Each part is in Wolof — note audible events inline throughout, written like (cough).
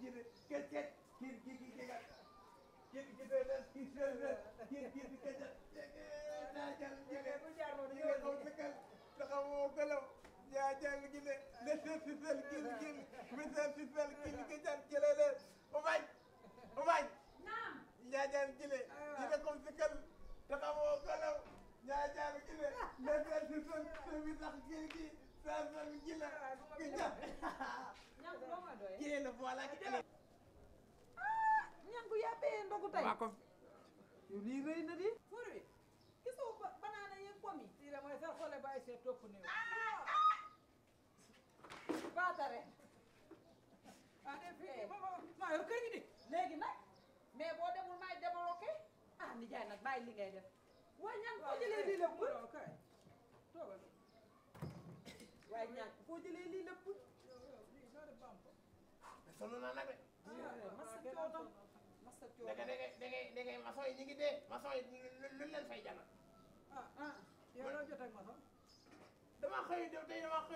girdi (laughs) geç geç gir gir gir gir gir gir böyle gir şöyle gir gir gir gir naajal gile bu jarlo gile ko sakal taxawo galaw jaajal gile le se sisel gil gil be se sisel gil gil jan gelele o bay o bay naam jaajal gile gile ko sakal taxawo galaw jaajal gile le se sisel se wi tax gil gi sa sal gile gil jëlee la voilà ki jëlee. ah ñanku yaa béyee ndogu tey. waaw kon lii rëy na di. pour bi gisoo ba banaana yeeg mooy sa xole bàyyi sa topp baatare. ah déedéet maa yor kër gi mais boo demul maay débloqué ah nijaay nag bàyyi li ngay de waaye ñanku foo jëlee lii la pour. toogal sonn naa nag de. masa coono da ngay da ngay da ngay maçon yi ñu ngi dee. maçon yi lu leen fay jàngal. ah ah yow loo jot ak maçon. damaa xëy tey damaa ah!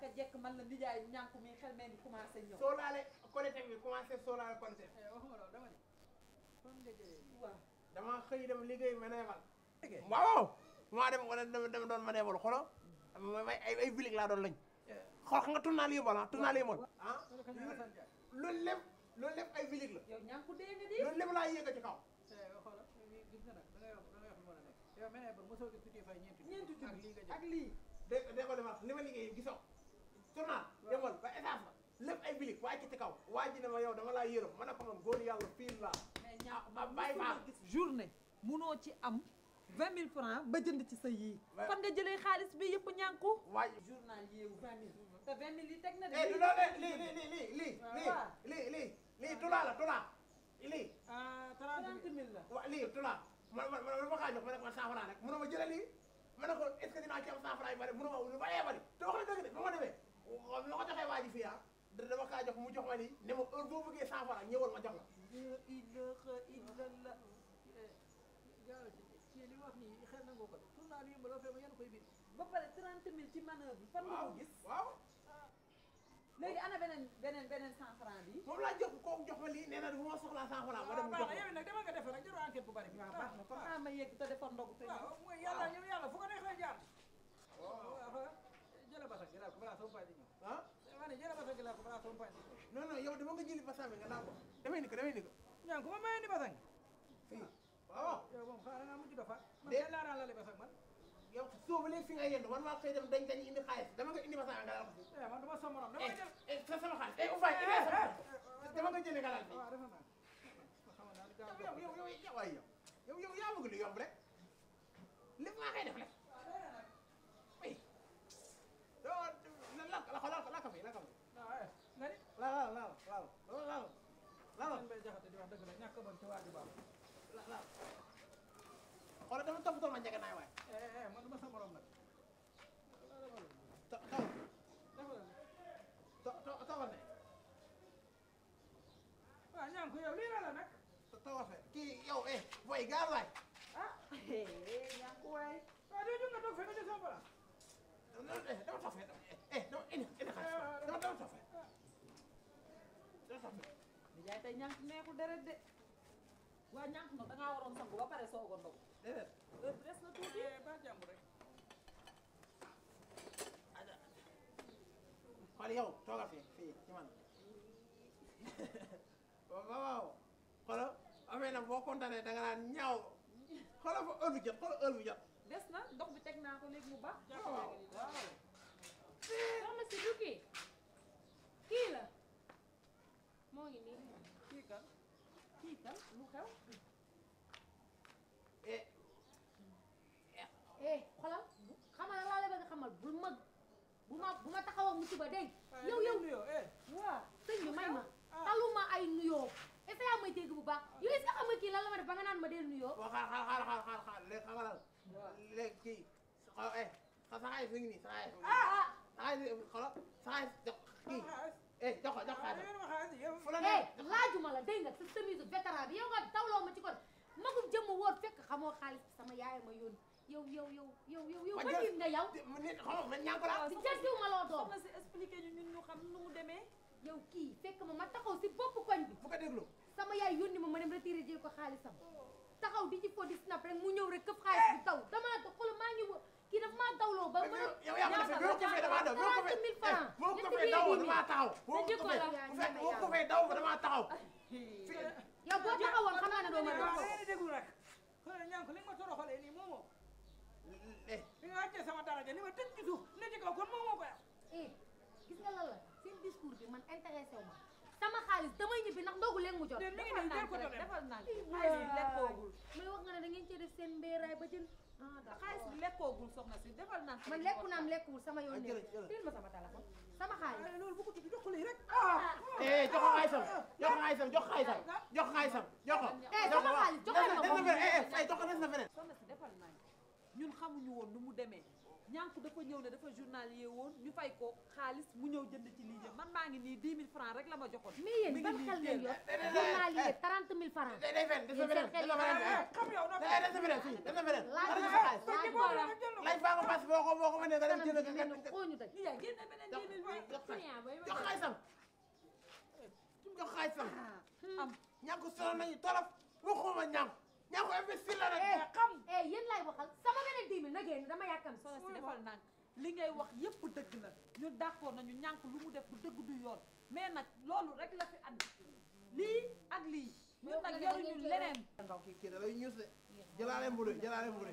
xëy jekk man la nijaay ñànku mi xel mee ni commencé soo laale collectif bi commencé soo laale collectif. Eh, waxuma loolu dama ne. waaw damaa xëy dem liggéey ma neebal. liggéey waaw. maa dem dama doon ma neebal xolo may ay ay bilig laa doon lañ. xool xam nga tournal yu bon ah tournal yu bon ah loolu lépp loolu ay vilig la. yow ñàkk ku dee eh, la nekk. yow mel ba mosoo gis tuuti fay ñeenti. ñeenti ba lépp ay bilik waa ci ci kaw waa ji ne ma yow dama laa yërëm ma ne ko man góor yàlla fiil laa. mais ñaax ah, ma bàyyi ma journée ci am vingt mille francs ba jënd ci sa yii. fan nga jëlee xaalis bi yëpp ñànku. waay journal yi wu vingt mille. te vingt mille yi teg na. Eh, lii lii lii lii lii ah, lii lii tulaa la tulaa lii. Ah, trente mille la. waaw lii tulaa man man man ma kaa jox ma ne ko cent francs rek munoo ma jëlee lii ma ne ko est-ce que dinaa ci am cent francs yu bari munoo ma bëree bari te wax la dëgg de ba ma demee ma ko joxee waa ji fii ah dama kaa jox mu jox ma nii ne ma heure boo bëggee cent francs ñëwal ma jox la. nii xel na nga ko def tournant bi yëmbaloo fee ba ngeen koy bind. ba pare 30 000 ci manœuvre bi. fan nga ko gis waaw léegi ana beneen beneen beneen 100 francs bi. moom laa jox kooku jox ma lii nee na dafa ma soxlaa 100 francs ma dem mu jox ko yow nag dama nga def rek jarul enquête bu bari bi. waaw baax na ah, kon ah, naa ma yegg te defar ndogu te. waaw mooy yàlla yow yàlla fu ko neexee jaar. waaw jëla basa gi laa ko balaa sama paati ñëw. ah ma ne jëla basa gi laa ko balaa sama paati ñëw. non non yow dama nga jëli basa bi nga naan ko. damay ni ko damay ni ko. ñaan ko ma mayee ni basa gi. suba ba léegi fi nga yend war naa xëy dem dañ dañ indi xaalis dama nga indi ma saa nga laal ko fi. man du ma sa morom dama jël sa sama xaalis. dama nga jënd nga laal fi. yow yow yow yow yow yaa bëgg lu yomb rek lépp maa koy def rek. oui. la la la la ka fay la ka fay. la la la la la la la bay jaxate di wax dëgg la ñàkk a bon ci waa ji baax la la xoolal dafa toppatoo ma njëganaay waay man dama sa morom nag taxaw taxaw ne waaw ñaan ko yow lii la la nag taxaw fe kii yow eh boy gaar ah ñaan ko waay waaw doo nga toog fe nga jël sama place dama toog fe eh dama indi deret de waa ñànk na dangaa waroon sangu ba pare soog a ndogu. déedéet heure bi des na tuuti. Eh, ba jàmb rek. xool yow toogal fii fii ci man (laughs) waaw waaw amee na boo kontaanee danga naan ñaw xoolal fa heure bi jot des na ndox bi teg naa ko léegi mu baax. waaw waaw soxna si du kii la moo ngi nii kii kan kii kan lu xew. eh xoolal xamal laa la bëgg xamal bul ma bu ma bu ma taxawoo musiba dégg yow yow eh. waaw sëñ bi may ma ah. taluma ay nuyoo est-ce yaa may dégg bu baax ah. yow est-ce que xam ma ba nga naan ma dee nuyoo waaw xaar xaar xaar xaar xaar xaar léegi xamalal léegi kii xaw eh saxaay su ngi nii saxaay ah ah xolo saxaay jox kii eh jox ko jox ko ah, eh, laajuma nga sa semise vétéran bi yow nga dawloo ci kon magum jëmm wóor fekk xamoo xaalis sama yaay ma yónni yow yow yow yow yow yow ba nga yow. nit xaw ma ñàkk laa. si jàngiw ma loo doon. si expliqué ñu ñun ñu xam nu mu demee. yow kii fekk ma ma taxaw si bopp koñ bi. bu ko sama yaay yónni ma ma dem retiré jël ko xaalisam. taxaw di ci fo di snap rek mu ñëw rek këpp xaalis bi taw. damaa ba. mën a yow yaa ko defee boo ko fee damaa daw eh, taxaw. boo ko taxaw. yow nii moomoo eh bi nga wàccee sama daraja li ma tëj ci suuf li ci kaw kon eh, gis nga lan la seen discours bi man intéressé wu ma sama xaalis damay ñibbi ndax ndogu leen mu jot. defal naa ko rek defal naa ko xaalis nga ne da ngeen cee def seen e ba jën. ah d' accord xaalis bi lekkoogul soxna si defal naa. man lekku naam lekkuwul sama yoon ah, nekk. jël ma sama téléphone sama xaalis. waaye ah, loolu bu ko tudd jox ko lii rek. Ah, eh jox ko xaalisam jox ko xaalisam jox ko xaalisam jox ko xaalisam na ko moom eh jox ko eh, na feneen. ñun xamuñu woon nu mu demee ñànku dafa ñëw ne dafa journalier woon ñu fay ko xaalis mu ñëw jënd ci lii man maa ngi nii 10 000 francs rek la ma joxoon. mi ngi nii teel mais yéen ban xel ngeen yor journalier 30 000 francs. day day fen dafa beneen dafa ko pass ko boo ko mënee dem jënd ko kenn xooñu tey. lii yaa génne beneen 10 solo nañu tolof waxuma ñànku ñaa ko investir la rek nga eh, xam eh yéen laay waxal sama beneen dix mille na génn dama yàkkam solo si defal nang li ngay wax yépp dëgg la ñu d'accord nañu ñànk lu mu def bu dëgg du yoon mais nag loolu rek la fi ànd lii ak lii ñun nag yoruñu leneen ndaw kii kii da lay ñuus de jëlaale mburu jëlaale mburu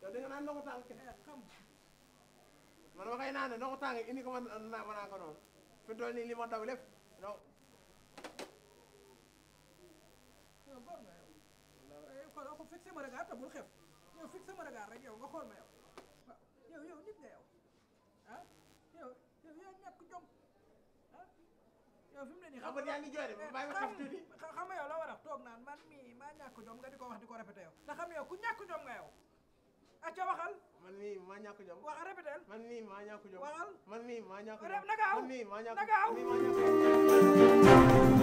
yow da nga naan ndoxu tàng kese man ma koy naan ndoxu tàng indi naa ma naan ko noonu fi toll nii li ma daw lépp ndox. yow bon na yow eh, kon waxu fixé ma regard te bul xeeb yow fixé ma regard rek yow nga xool ma yow yow yow nit nga yow ah yow yow yaa ah, ne nii xam nga yaa ngi jooy de bàyyi ma eh, xam tuuti xam nga a toog naan man mii maa ñàkk jom nga di ko wax di ko répété yow. te xam yow ku ñàkk jom nga yow. acca waxal. man nii maa ñàkk jom. waxal répétel. man nii maa ñàkk jom. waxal. man nii maa ñàkk jom. rép na gaaw. man nii maa ñàkk jom. na gaaw.